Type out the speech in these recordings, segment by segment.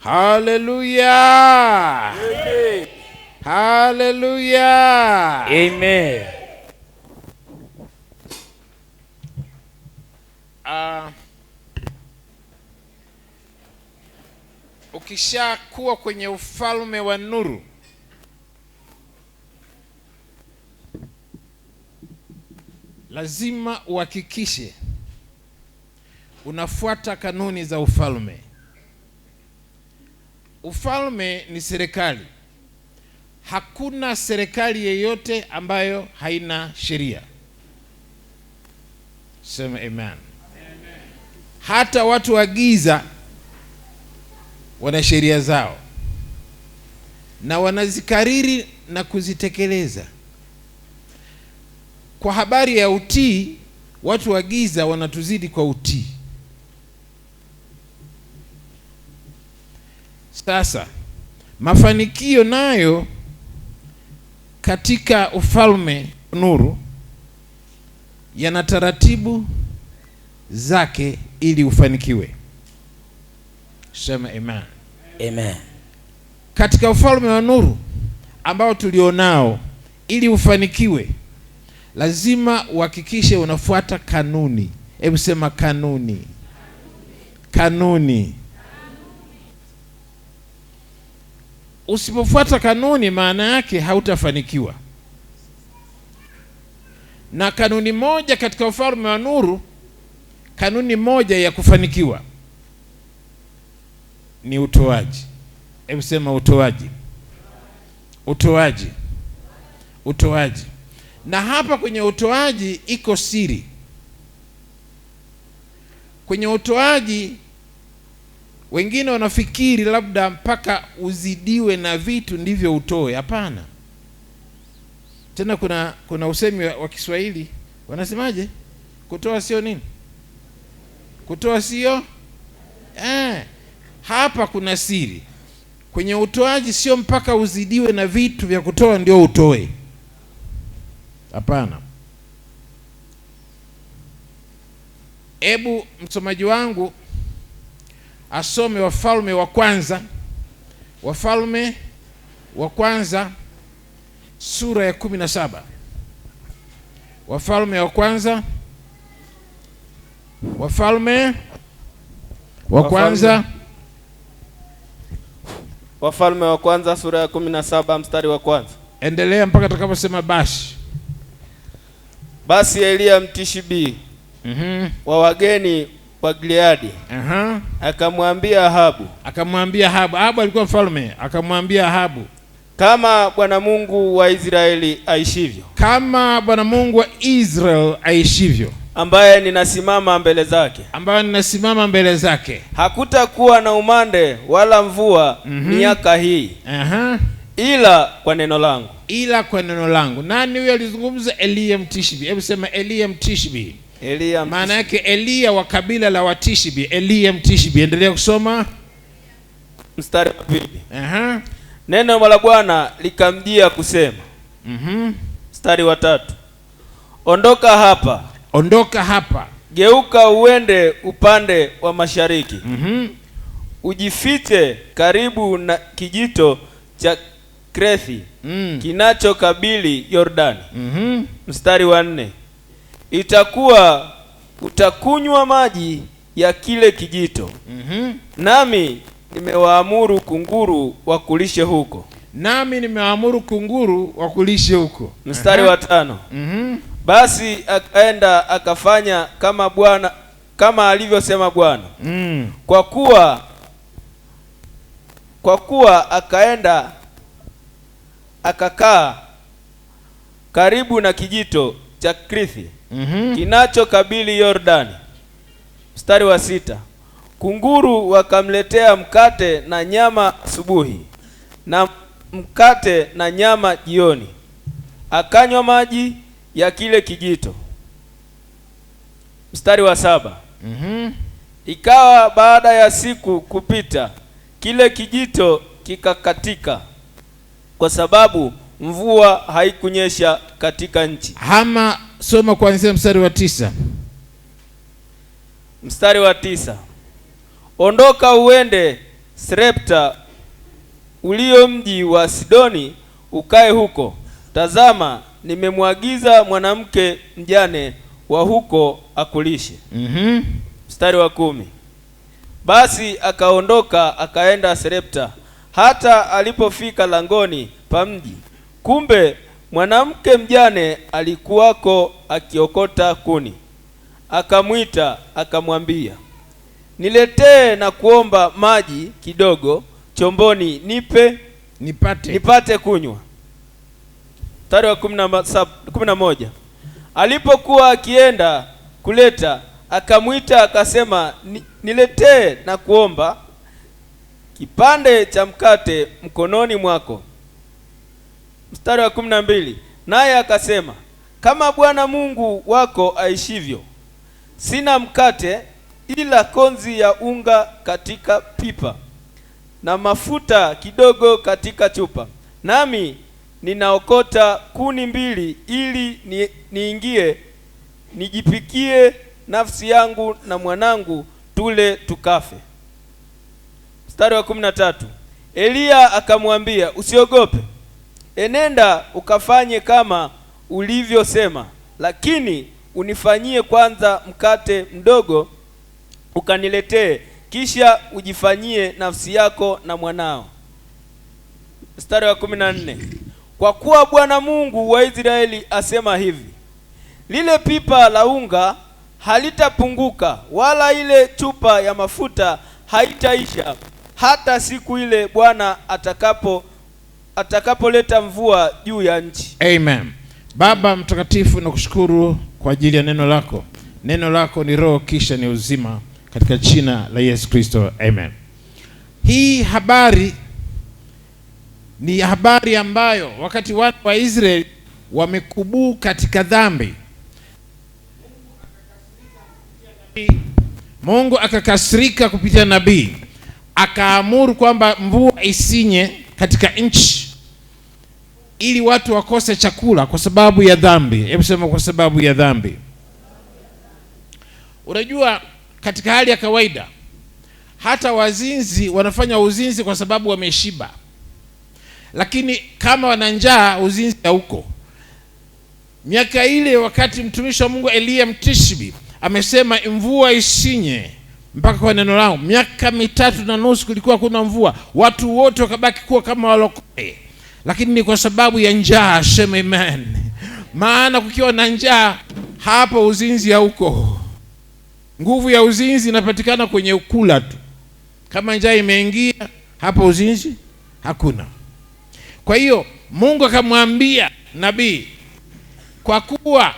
Hallelujah. Hallelujah. Amen. Uh, ukishakuwa kwenye ufalme wa nuru lazima uhakikishe unafuata kanuni za ufalme. Ufalme ni serikali. Hakuna serikali yeyote ambayo haina sheria. Sema amen. Hata watu wa giza wana sheria zao na wanazikariri na kuzitekeleza. Kwa habari ya utii, watu wa giza wanatuzidi kwa utii. Sasa mafanikio nayo katika ufalme nuru yana taratibu zake ili ufanikiwe. Sema amen. Amen. Katika ufalme wa nuru ambao tulionao, ili ufanikiwe lazima uhakikishe unafuata kanuni. Hebu sema kanuni, kanuni. Usipofuata kanuni, maana yake hautafanikiwa. Na kanuni moja katika ufalme wa nuru, kanuni moja ya kufanikiwa ni utoaji. Hebu sema utoaji, utoaji, utoaji. Na hapa kwenye utoaji iko siri kwenye utoaji wengine wanafikiri labda mpaka uzidiwe na vitu ndivyo utoe. Hapana. Tena kuna kuna usemi wa Kiswahili wanasemaje? Kutoa sio nini? Kutoa sio eh. Hapa kuna siri kwenye utoaji, sio mpaka uzidiwe na vitu vya kutoa ndio utoe. Hapana. Hebu msomaji wangu asome Wafalme wa Kwanza, Wafalme wa Kwanza sura ya kumi na saba. Wafalme wa Kwanza, Wafalme wa Kwanza, Wafalme wa Kwanza sura ya kumi na saba mstari wa kwanza. Endelea mpaka atakaposema basi basi Eliya Mtishibi mm -hmm. wa wageni wa Gileadi. -huh. Akamwambia Ahabu, akamwambia Ahabu, Ahabu alikuwa mfalme, akamwambia Ahabu, kama Bwana Mungu wa Israeli aishivyo, kama Bwana Mungu wa Israeli aishivyo ambaye ninasimama mbele zake, ambaye ninasimama mbele zake, hakutakuwa na umande wala mvua mhm. miaka mm -hmm. hii uh -huh. ila kwa neno langu, ila kwa neno langu. Nani huyo alizungumza? Eliya Mtishbi. Hebu sema Eliya Mtishbi. Eliya maana yake Eliya wa kabila la Watishbi, Eliya Mtishbi. endelea kusoma mstari wa pili. -huh. Neno la Bwana likamjia kusema. Mhm. Mstari wa tatu. Ondoka hapa, ondoka hapa, geuka uende upande wa mashariki. Mhm. Ujifiche karibu na kijito cha Krethi mm. kinachokabili Yordani. Mhm. Mstari wa nne itakuwa utakunywa maji ya kile kijito. mm -hmm. Nami nimewaamuru kunguru wakulishe huko, nami nimewaamuru kunguru wakulishe huko. Mstari wa tano. mm -hmm. Basi akaenda akafanya kama Bwana kama alivyosema Bwana. mm. Kwa kuwa kwa kuwa akaenda akakaa karibu na kijito cha Krithi mm -hmm. kinachokabili Yordani. Mstari wa sita, kunguru wakamletea mkate na nyama asubuhi na mkate na nyama jioni, akanywa maji ya kile kijito. Mstari wa saba. mm -hmm. Ikawa baada ya siku kupita, kile kijito kikakatika, kwa sababu mvua haikunyesha katika nchi. Hama soma kuanzia mstari wa tisa. Mstari wa tisa. Ondoka uende srepta ulio mji wa Sidoni ukae huko. Tazama nimemwagiza mwanamke mjane wa huko akulishe. Mm-hmm. Mstari wa kumi. Basi akaondoka akaenda srepta hata alipofika langoni pa mji Kumbe mwanamke mjane alikuwako akiokota kuni, akamwita akamwambia, niletee na kuomba maji kidogo chomboni, nipe nipate, nipate kunywa. Mstari wa kumi na moja alipokuwa akienda kuleta akamwita akasema, niletee na kuomba kipande cha mkate mkononi mwako mstari wa kumi na mbili naye akasema, kama Bwana Mungu wako aishivyo, sina mkate ila konzi ya unga katika pipa na mafuta kidogo katika chupa, nami ninaokota kuni mbili, ili ni, niingie nijipikie nafsi yangu na mwanangu, tule tukafe. Mstari wa kumi na tatu Eliya akamwambia usiogope enenda ukafanye kama ulivyosema, lakini unifanyie kwanza mkate mdogo ukaniletee, kisha ujifanyie nafsi yako na mwanao. Mstari wa kumi na nne kwa kuwa Bwana Mungu wa Israeli asema hivi, lile pipa la unga halitapunguka wala ile chupa ya mafuta haitaisha hata siku ile Bwana atakapo atakapoleta mvua juu ya nchi. Amen. Baba Mtakatifu, nakushukuru kwa ajili ya neno lako. Neno lako ni roho, kisha ni uzima, katika jina la Yesu Kristo, amen. Hii habari ni habari ambayo wakati watu wa Israeli wamekubuu katika dhambi, Mungu akakasirika kupitia nabii, akaamuru kwamba mvua isinye katika nchi ili watu wakose chakula kwa sababu ya dhambi. Hebu sema kwa sababu ya dhambi. Unajua, katika hali ya kawaida hata wazinzi wanafanya uzinzi kwa sababu wameshiba, lakini kama wana njaa uzinzi hauko. Miaka ile wakati mtumishi wa Mungu Eliya Mtishbi amesema mvua isinye mpaka kwa neno lao, miaka mitatu na nusu kulikuwa kuna mvua, watu wote wakabaki kuwa kama walokole lakini ni kwa sababu ya njaa. Sema amen. Maana kukiwa na njaa, hapo uzinzi hauko. Nguvu ya uzinzi inapatikana kwenye ukula tu. Kama njaa imeingia, hapo uzinzi hakuna. Kwa hiyo Mungu akamwambia nabii, kwa kuwa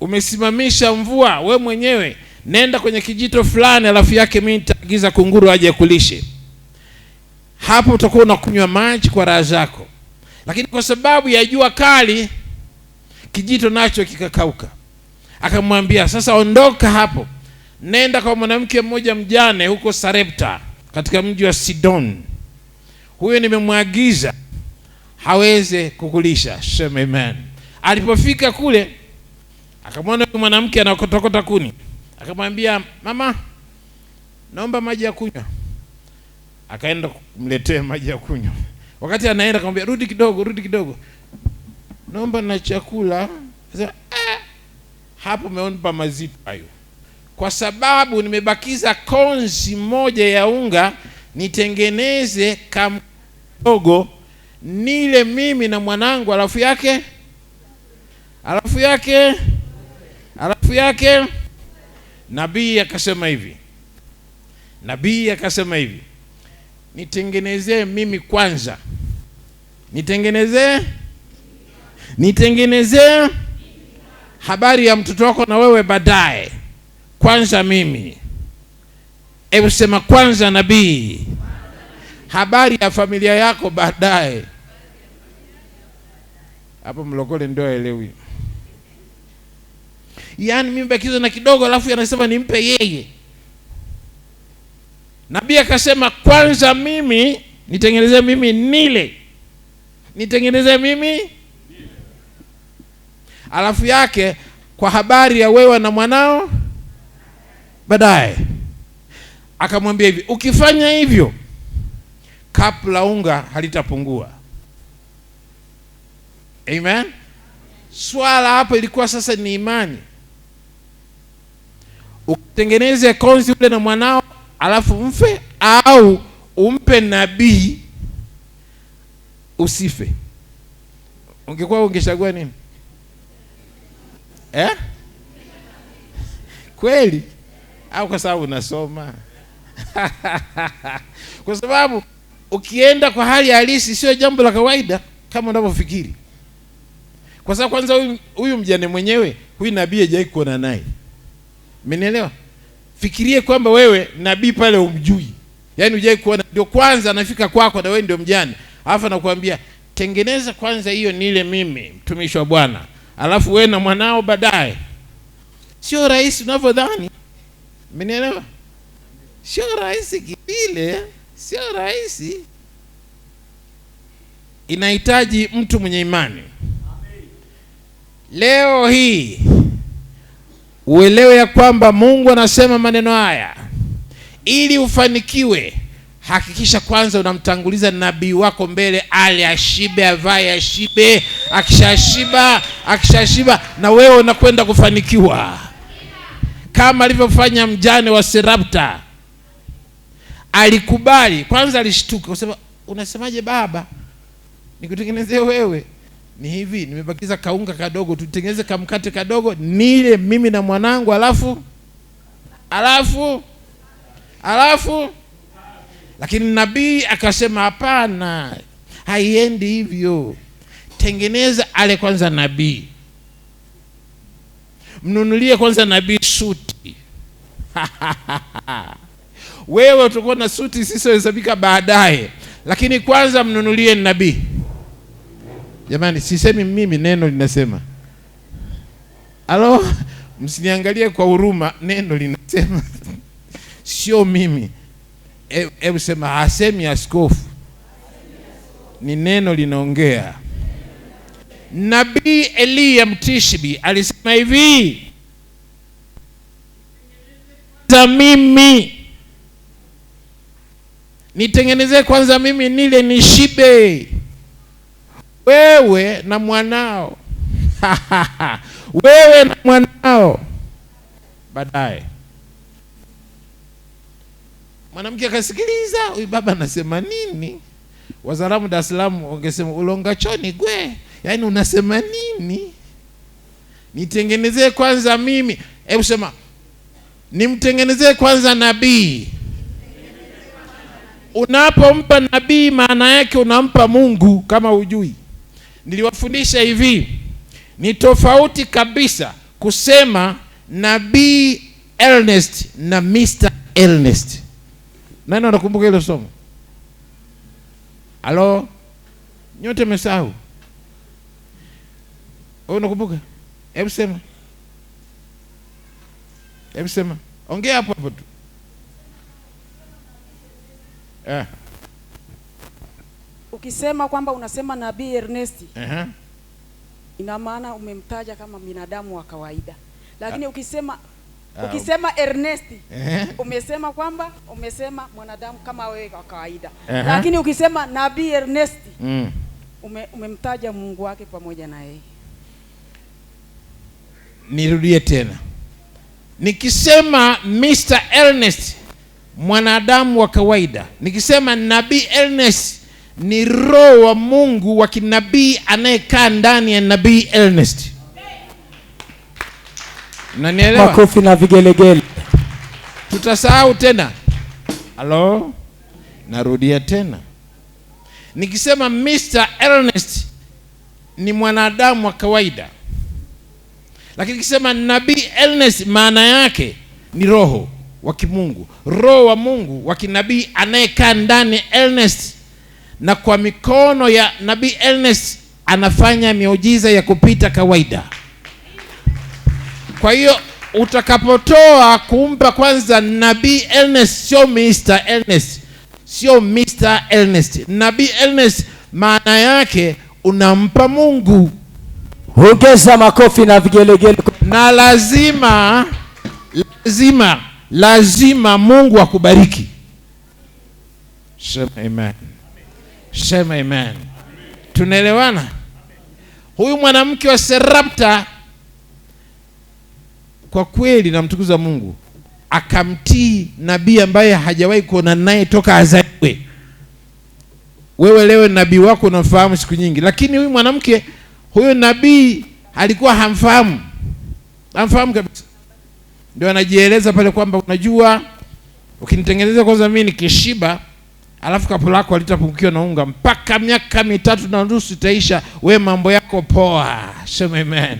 umesimamisha mvua we mwenyewe, nenda kwenye kijito fulani, alafu yake mimi nitaagiza kunguru aje kulishe hapo utakuwa unakunywa maji kwa raha zako, lakini kwa sababu ya jua kali kijito nacho kikakauka. Akamwambia, sasa ondoka hapo, nenda kwa mwanamke mmoja mjane huko Sarepta katika mji wa Sidon. Huyo nimemwagiza haweze kukulisha. Sema amen. Alipofika kule akamwona huyo mwanamke anakotokota kuni, akamwambia, mama, naomba maji ya kunywa akaenda kumletea maji ya kunywa. Wakati anaenda akamwambia, rudi kidogo, rudi kidogo, naomba na chakula. Sasa ah, hapo umeomba mazito hayo, kwa sababu nimebakiza konzi moja ya unga, nitengeneze kamdogo nile mimi na mwanangu, alafu yake alafu yake alafu yake. Nabii akasema hivi, nabii akasema hivi nitengenezee mimi kwanza, nitengenezee nitengenezee habari ya mtoto wako na wewe baadaye, kwanza mimi. Hebu sema kwanza nabii, habari ya familia yako baadaye. Hapo mlokole ndio aelewi, yaani mimi bakizwa na kidogo, alafu anasema nimpe yeye Nabii akasema kwanza, mimi nitengeneze mimi nile, nitengeneze mimi alafu yake kwa habari ya wewe na mwanao baadaye. Akamwambia hivi, ukifanya hivyo kapu la unga halitapungua. Amen. Swala hapo ilikuwa sasa ni imani, utengeneze konzi ule na mwanao alafu mfe, au umpe nabii usife? Ungekuwa ungechagua nini eh? Kweli au kwa sababu unasoma? kwa sababu ukienda kwa hali halisi sio jambo la kawaida kama unavyofikiri, kwa sababu kwanza huyu mjane mwenyewe huyu nabii hajawahi kuona naye, mmenielewa? fikirie kwamba wewe nabii pale umjui, yaani hujai kuona, ndio kwanza anafika kwako na wewe ndio mjane, alafu anakuambia tengeneza kwanza hiyo nile mimi mtumishi wa Bwana, alafu wewe na mwanao baadaye. Sio rahisi unavyodhani, mmenielewa? Sio rahisi kivile, sio rahisi, inahitaji mtu mwenye imani. Amen. Leo hii uelewe ya kwamba Mungu anasema maneno haya. Ili ufanikiwe, hakikisha kwanza unamtanguliza nabii wako mbele, ale ashibe, avae ashibe. Akishashiba, akishashiba na wewe unakwenda kufanikiwa, kama alivyofanya mjane wa Serapta. Alikubali kwanza, alishtuka kusema, unasemaje baba, nikutengenezee wewe ni hivi, nimebakiza kaunga kadogo, tutengeneze kamkate kadogo nile mimi na mwanangu, alafu alafu alafu. Lakini nabii akasema hapana, haiendi hivyo. Tengeneza ale kwanza nabii, mnunulie kwanza nabii suti wewe utakuwa na suti isiyohesabika baadaye, lakini kwanza mnunulie nabii Jamani, sisemi mimi, neno linasema. alo msiniangalie kwa huruma, neno linasema sio mimi. E, hebu sema, hasemi askofu, ni neno linaongea. Nabii Eliya Mtishibi alisema hivi za mimi nitengenezee kwanza mimi nile nishibe wewe na mwanao wewe na mwanao. Baadaye mwanamke akasikiliza huyu baba anasema nini. Wazalamu Dar es Salaam ulonga choni gwe, yaani unasema nini? Nitengenezee kwanza mimi, hebu sema nimtengenezee kwanza nabii. Unapompa nabii, maana yake unampa Mungu kama hujui niliwafundisha hivi, ni tofauti kabisa kusema nabii Ernest na Mr. Ernest. Nani anakumbuka hilo somo? Halo, nyote mmesahau? Wewe unakumbuka? Hebu sema, hebu sema, ongea hapo hapo tu eh ukisema kwamba unasema nabii Ernest uh mhm. -huh. ina maana umemtaja kama binadamu wa kawaida, lakini uh ah. -huh. ukisema ah, ukisema Ernest uh mhm. -huh. umesema kwamba umesema mwanadamu kama wewe wa kawaida uh mhm. -huh. lakini ukisema nabii Ernest mm. ume, umemtaja Mungu wake pamoja na yeye. Nirudie tena, nikisema Mr. Ernest mwanadamu wa kawaida, nikisema nabii Ernest ni roho wa Mungu wa kinabii anayekaa ndani ya nabii Ernest. Unanielewa? Makofi na vigelegele. Tutasahau tena. Halo, narudia tena nikisema Mr. Ernest ni mwanadamu wa kawaida, lakini nikisema nabii Ernest maana yake ni roho wa kimungu, roho wa Mungu wa kinabii anayekaa ndani Ernest na kwa mikono ya Nabii Ernest anafanya miujiza ya kupita kawaida. Kwa hiyo utakapotoa kumpa kwanza Nabii Ernest, sio Mr. Ernest, sio Mr. Ernest. Nabii Ernest maana yake unampa Mungu. Ongeza makofi na vigelegele. Na lazima lazima lazima Mungu akubariki. Sema amen. Sema amen. Tunaelewana? Huyu mwanamke wa Serapta kwa kweli namtukuza Mungu, akamtii nabii ambaye hajawahi kuona naye toka azaliwe. Wewe leo nabii wako unamfahamu siku nyingi, lakini huyu mwanamke huyo nabii alikuwa hamfahamu, hamfahamu kabisa. Ndio anajieleza pale kwamba unajua, ukinitengeneza kwanza mimi nikishiba alafu kapu lako alitapungukiwa na unga mpaka miaka mitatu na nusu itaisha, we mambo yako poa. Sema amen.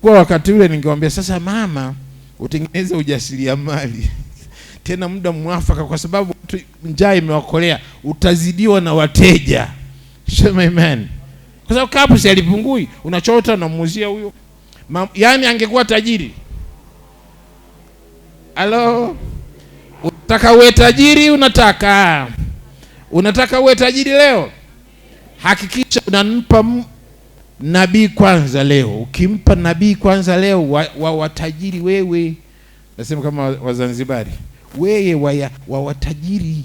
Kwa wakati ule ningewambia sasa, mama utengeneze ujasiriamali tena muda mwafaka, kwa sababu njaa imewakolea, utazidiwa na wateja. Sema amen, kwa sababu kapu si alipungui, unachota unamuuzia huyo. Yaani angekuwa tajiri. Halo. Unataka uwe tajiri, unataka unataka uwe tajiri leo, hakikisha unampa nabii kwanza leo. Ukimpa nabii kwanza leo wa watajiri wa wewe, nasema kama Wazanzibari, wewe wa watajiri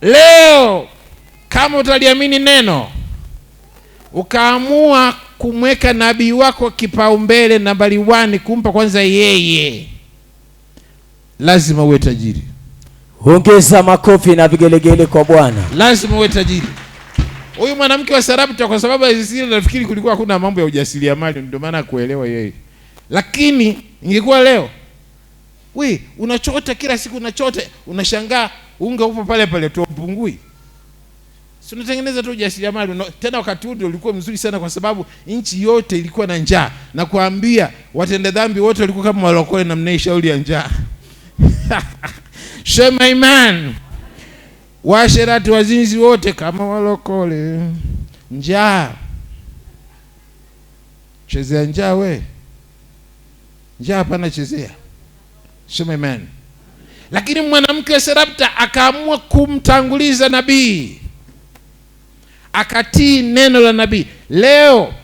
leo. Kama utaliamini neno ukaamua kumweka nabii wako kipaumbele, nambari wani, kumpa kwanza yeye lazima uwe tajiri. Ongeza makofi na vigelegele kwa Bwana. Lazima uwe tajiri. Huyu mwanamke wa Sarapta, kwa sababu zile nafikiri kulikuwa hakuna mambo ya ujasiriamali, ndio maana kuelewa yeye, lakini ingekuwa leo we unachota kila siku, unachota unashangaa, unga upo pale pale tu upungui, si unatengeneza tu ujasiriamali no. Tena wakati huo ulikuwa mzuri sana, kwa sababu nchi yote ilikuwa na njaa, na kuambia watenda dhambi wote walikuwa kama walokole na mnaishauri ya njaa Sema iman Washerati, wazinzi wote kama walokole, njaa chezea njaa, we njaa hapana chezea. Sema iman Lakini mwanamke serapta akaamua kumtanguliza nabii, akatii neno la nabii. Leo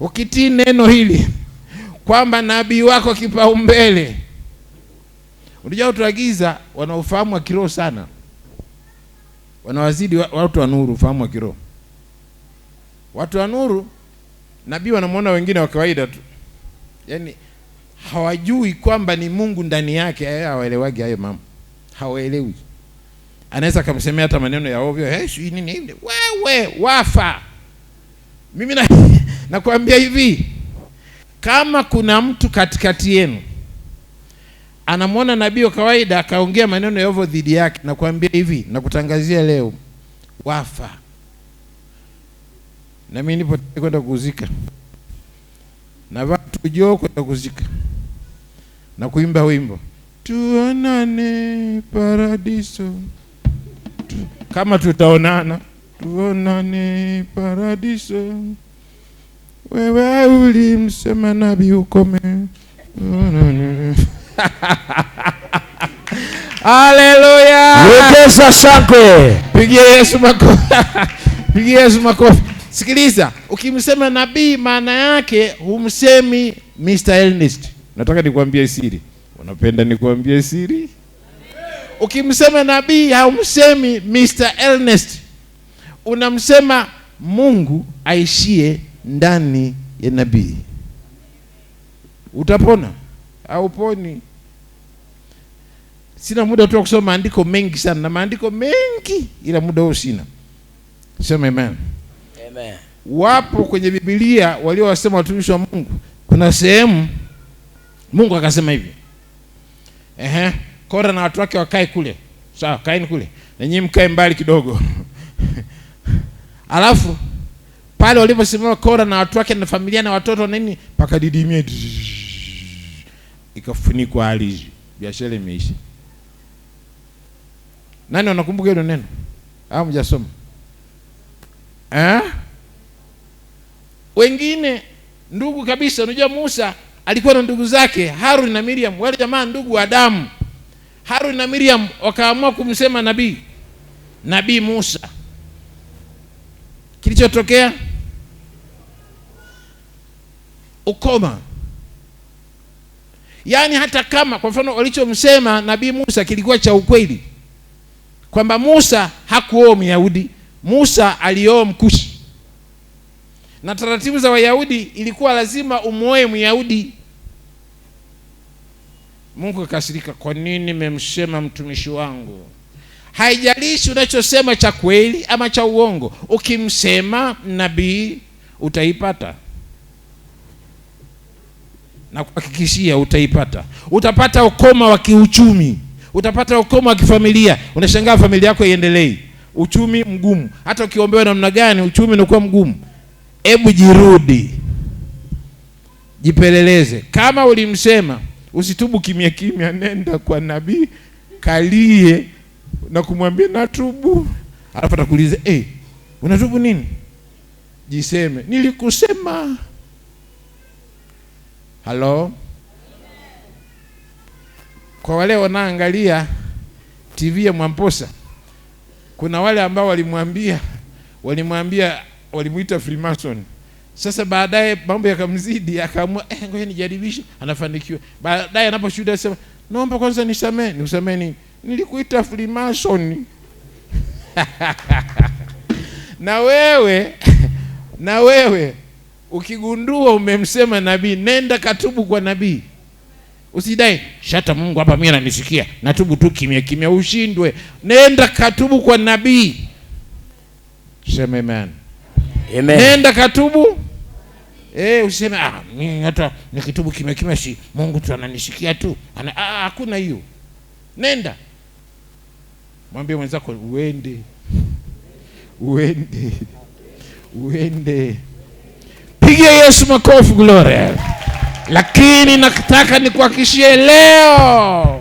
ukitii neno hili kwamba nabii wako kipaumbele Unajua watu wa giza wanaofahamu wa kiroho sana wanawazidi watu wa nuru ufahamu wa kiroho. Watu wa nuru nabii wanamwona wengine wa kawaida tu, yaani hawajui kwamba ni Mungu ndani yake. Hayo hawaelewagi hayo mama hawaelewi. Anaweza akamsemea hata maneno ya ovyo, hey, eh, nini wewe wafa. Mimi nakwambia hivi, kama kuna mtu katikati yenu anamwona nabii wa kawaida akaongea maneno yaovu dhidi yake. Nakwambia hivi, nakutangazia leo wafa, na mimi nipo kwenda kuzika, navaa tujoo kwenda kuzika na kuimba wimbo tuonane paradiso tu, kama tutaonana tuonane paradiso, wewe ulimsema nabii ukome, tuonane Haleluya! Ongeza shangwe. Pigia Yesu makofi. Pigia Yesu makofi. Sikiliza, ukimsema nabii maana yake humsemi Mr. Ernest. Nataka nikwambie siri. Unapenda nikwambie siri? Ukimsema nabii haumsemi Mr. Ernest. Unamsema Mungu aishie ndani ya nabii. Utapona hauponi. Sina muda tu wa kusoma maandiko mengi sana na maandiko mengi, ila muda huo sina. Sema amen. Amen. Wapo kwenye Biblia waliowasema watumishi wa Mungu, kuna sehemu Mungu akasema hivi, ehe, Kora na watu wake wakae kule. Sawa, kaeni kule na nyinyi mkae mbali kidogo alafu pale waliposimama Kora na watu wake na familia na watoto na nini, pakadidimia ikafunikwa alizi, biashara imeisha. Nani wanakumbuka hilo neno au mjasoma eh? Wengine ndugu kabisa. Unajua Musa alikuwa na ndugu zake Harun na Miriam, wale jamaa ndugu wa damu. Harun na Miriam wakaamua kumsema nabii nabii Musa. Kilichotokea ukoma. Yaani hata kama kwa mfano walichomsema Nabii Musa kilikuwa cha ukweli, kwamba Musa hakuoa Myahudi, Musa alioa Mkushi, na taratibu za Wayahudi ilikuwa lazima umwoe Myahudi. Mungu akasirika, kwa nini memsema mtumishi wangu? Haijalishi unachosema cha kweli ama cha uongo, ukimsema nabii utaipata na kuhakikishia utaipata. Utapata ukoma wa kiuchumi, utapata ukoma wa kifamilia. Unashangaa familia yako iendelei, uchumi mgumu. Hata ukiombewa namna gani, uchumi unakuwa mgumu. Hebu jirudi, jipeleleze. Kama ulimsema usitubu kimya kimya, nenda kwa nabii, kalie na kumwambia natubu, alafu atakuuliza hey, eh, unatubu nini? Jiseme, nilikusema Halo, kwa wale wanaangalia TV ya Mwamposa, kuna wale ambao walimwambia walimwambia walimuita Freemason. Sasa baadaye mambo yakamzidi, akaamua eh, ngoja nijaribishe, anafanikiwa. Baadaye anaposhuhudia sema naomba kwanza nisamee. Niusamee nini? Nilikuita Freemason. na wewe na wewe Ukigundua umemsema nabii, nenda katubu kwa nabii, usidai shata Mungu hapa mimi ananisikia, natubu tu kimya kimya. Ushindwe, nenda katubu kwa nabii. Sema amen. Amen. Nenda katubu eh, useme ah, mimi hata nikitubu kimya kimya si Mungu tu ananisikia tu. Ana, ah, ah hakuna hiyo. Nenda mwambie mwenzako uende uende uende. Mpigie Yesu makofi, glory. Lakini nataka nikuhakikishie leo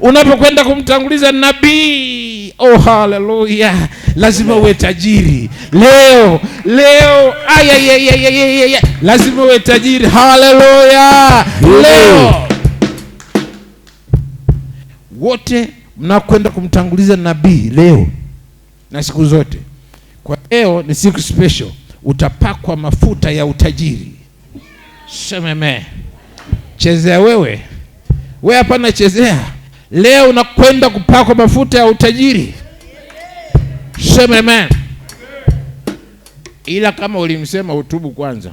unapokwenda kumtanguliza nabii, oh haleluya, lazima uwe tajiri leo. Leo ayayayayayaya, lazima uwe tajiri. Haleluya, leo wote mnakwenda kumtanguliza nabii leo na siku zote. Kwa leo ni siku special utapakwa mafuta ya utajiri. Sememe chezea wewe, we hapana chezea. Leo unakwenda kupakwa mafuta ya utajiri. Sememe, ila kama ulimsema utubu kwanza,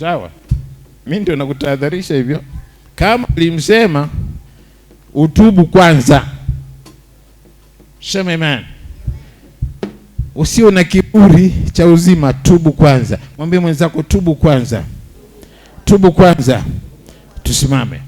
sawa? Mi ndio nakutahadharisha hivyo, kama ulimsema utubu kwanza. Sememe usio na kiburi cha uzima, tubu kwanza. Mwambie mwenzako tubu kwanza, tubu kwanza. Tusimame.